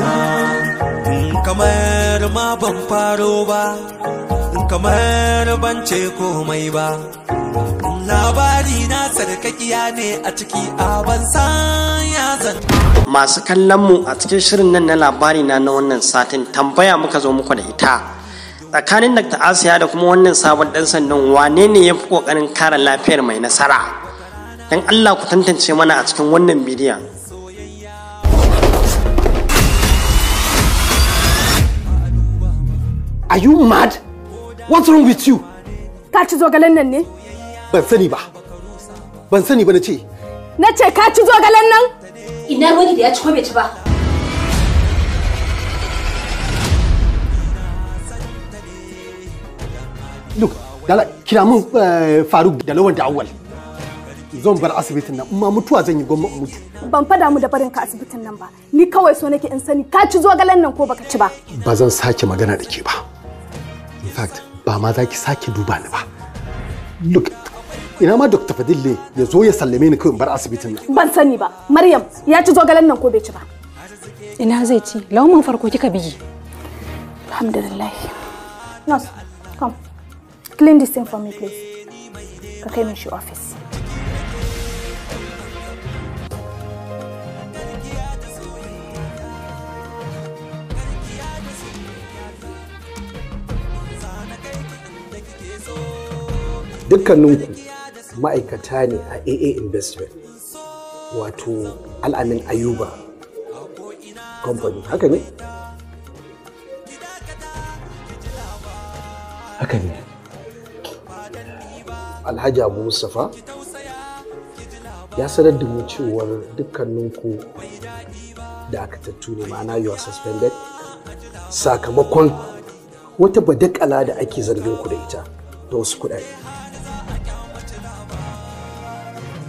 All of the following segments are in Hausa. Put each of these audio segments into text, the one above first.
na mm, kamar ma ban faro ba mm, kamar ban ce komai ba mm, labari na sarkakiya ne a ciki a ban ya zan masu kallon mu a cikin shirin nan na labari na na wannan satin tambaya muka zo muku da ita tsakanin Dr. Asiya da kuma wannan sabon dan sandan wane ne ya fi kokarin kare lafiyar mai nasara dan Allah ku tantance mana a cikin wannan bidiyon Are you mad? What's wrong with you? Ka ci zogalen nan ne? Ban sani ba. Ban sani ba na ce. Na ce ka ci zogalen nan? Ina ruwan da ya ci ko bai ci ba. Look, dala kira mun eh, Faruk da lawan da awwal. Zan bar asibitin nan, ma mutuwa zan yi gwamma mutu. Ban fada mu da barin ka asibitin nan ba. Ni kawai so nake in sani ka ci zogalen nan ko baka ci ba. Ba zan sake magana da ke ba. fact ba ma za ki sake duba ni ba look ina ma dr fadille ya zo ya sallame ni kawai bar asibitin nan ban sani ba maryam ya ci zogalen nan ko bai ci ba ina zai ci lauman farko kika bigi alhamdulillah nurse come clean this thing for me please ka kai min shi office dukkaninku ma'aikata ne a aa investment wato al'amin ayuba company haka ne haka ne alhaji abu mustapha ya sanar da mu cewar dukkaninku da aka tattuna ma'ana you are suspended sakamakon wata badakala da ake zargin ku da ita da wasu kuɗaɗe.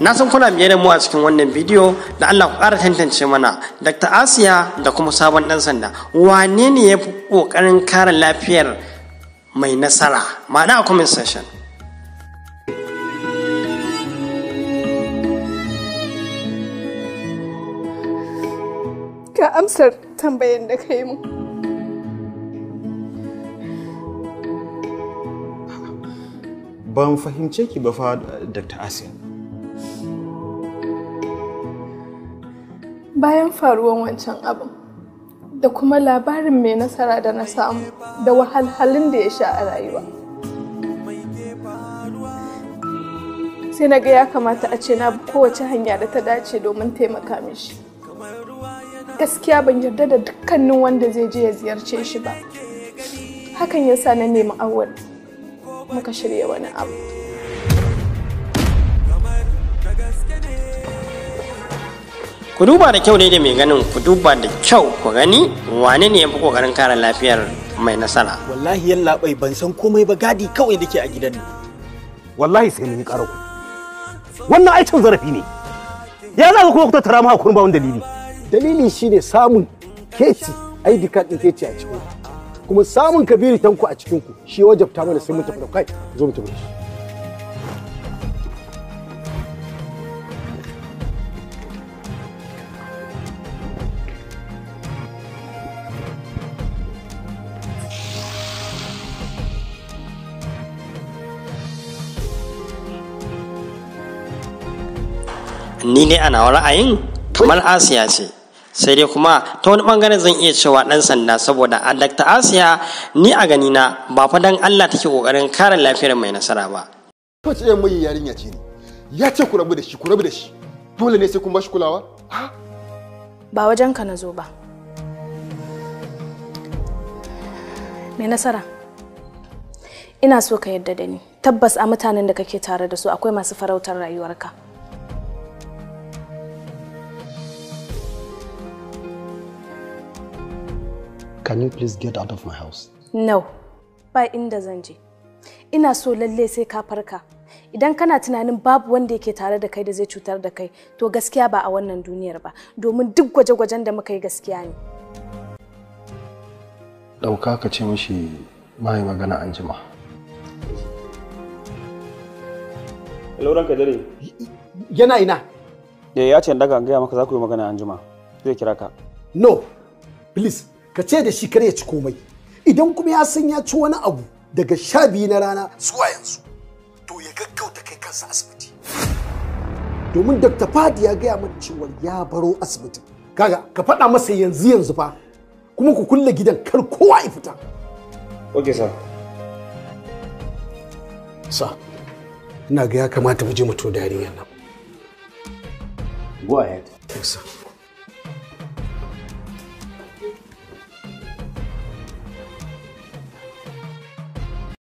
na san kuna biye da mu a cikin wannan bidiyo da Allah ku ƙara tantance mana Dr. Asiya da kuma sabon ɗan sanda wane ne ya fi ƙoƙarin kare lafiyar mai nasara ma'ana a comment section ka amsar tambayan da ka yi mu ban fahimce ki ba fa Dr. Asin. Bayan faruwan wancan abin da kuma labarin mai nasara da na samu da wahalhalun da ya sha a rayuwa. Sai na ga ya kamata a ce na kowace hanya da ta dace domin taimaka mishi. Gaskiya ban yarda da dukkanin wanda zai je ya ziyarce shi ba. Hakan ya sa na nemi awal. muka shirya wani abu ku duba da kyau ne da mai ganin ku duba da kyau ku gani wane ne ya fi kokarin kare lafiyar mai nasara wallahi yan labai ban san komai ba gadi kawai da ke a gidan ne. wallahi sai mun yi karo wannan aikin zarafi ne ya za ka kuma ku tattara mu hakuri ba wani dalili dalili shine samun keci ID card keci a cikin kuma samun kabiri tanku a cikin ku shi wajabta mana sai mun tafi kai zo mu tafi ni ne ana ra'ayin kamar asiya ce sai dai kuma ta wani bangaren zan iya cewa dan sanda saboda a Dr. Asiya ni a gani na ba fa dan Allah take kokarin kare lafiyar mai nasara ba to ce mai yarinya ce ne ya ce ku rabu da shi ku rabu da shi dole ne sai kun bashi kulawa ba wajen ka na zo ba mai nasara ina so ka yarda da ni tabbas a mutanen da kake tare da su akwai masu farautar rayuwarka Can you please get out of my house? No, ba inda zan je. Ina so lalle sai ka farka. Idan kana tunanin babu wanda yake tare da kai da zai cutar da kai, to gaskiya ba a wannan duniyar ba, domin duk gwaje-gwajen da muka yi gaskiya ne. Ɗauka ka ce mishi mai magana an jima. Lauran ka dare. Yana ina? Eh, ya ce daga gaya maka za ku yi magana an jima. Zai kira ka. No, please, ka ce da shi kar ya ci komai idan kuma ya san ya ci wani abu daga sha biyu na rana zuwa yanzu to ya gaggauta kai kansa asibiti domin dr fadi ya gaya mata cewa ya baro asibitin kaga ka faɗa masa yanzu yanzu fa kuma ku kulle gidan kar kowa ya fita ok sir. sa ina ga ya kamata mu je mu to dariyar nan go ahead thanks sir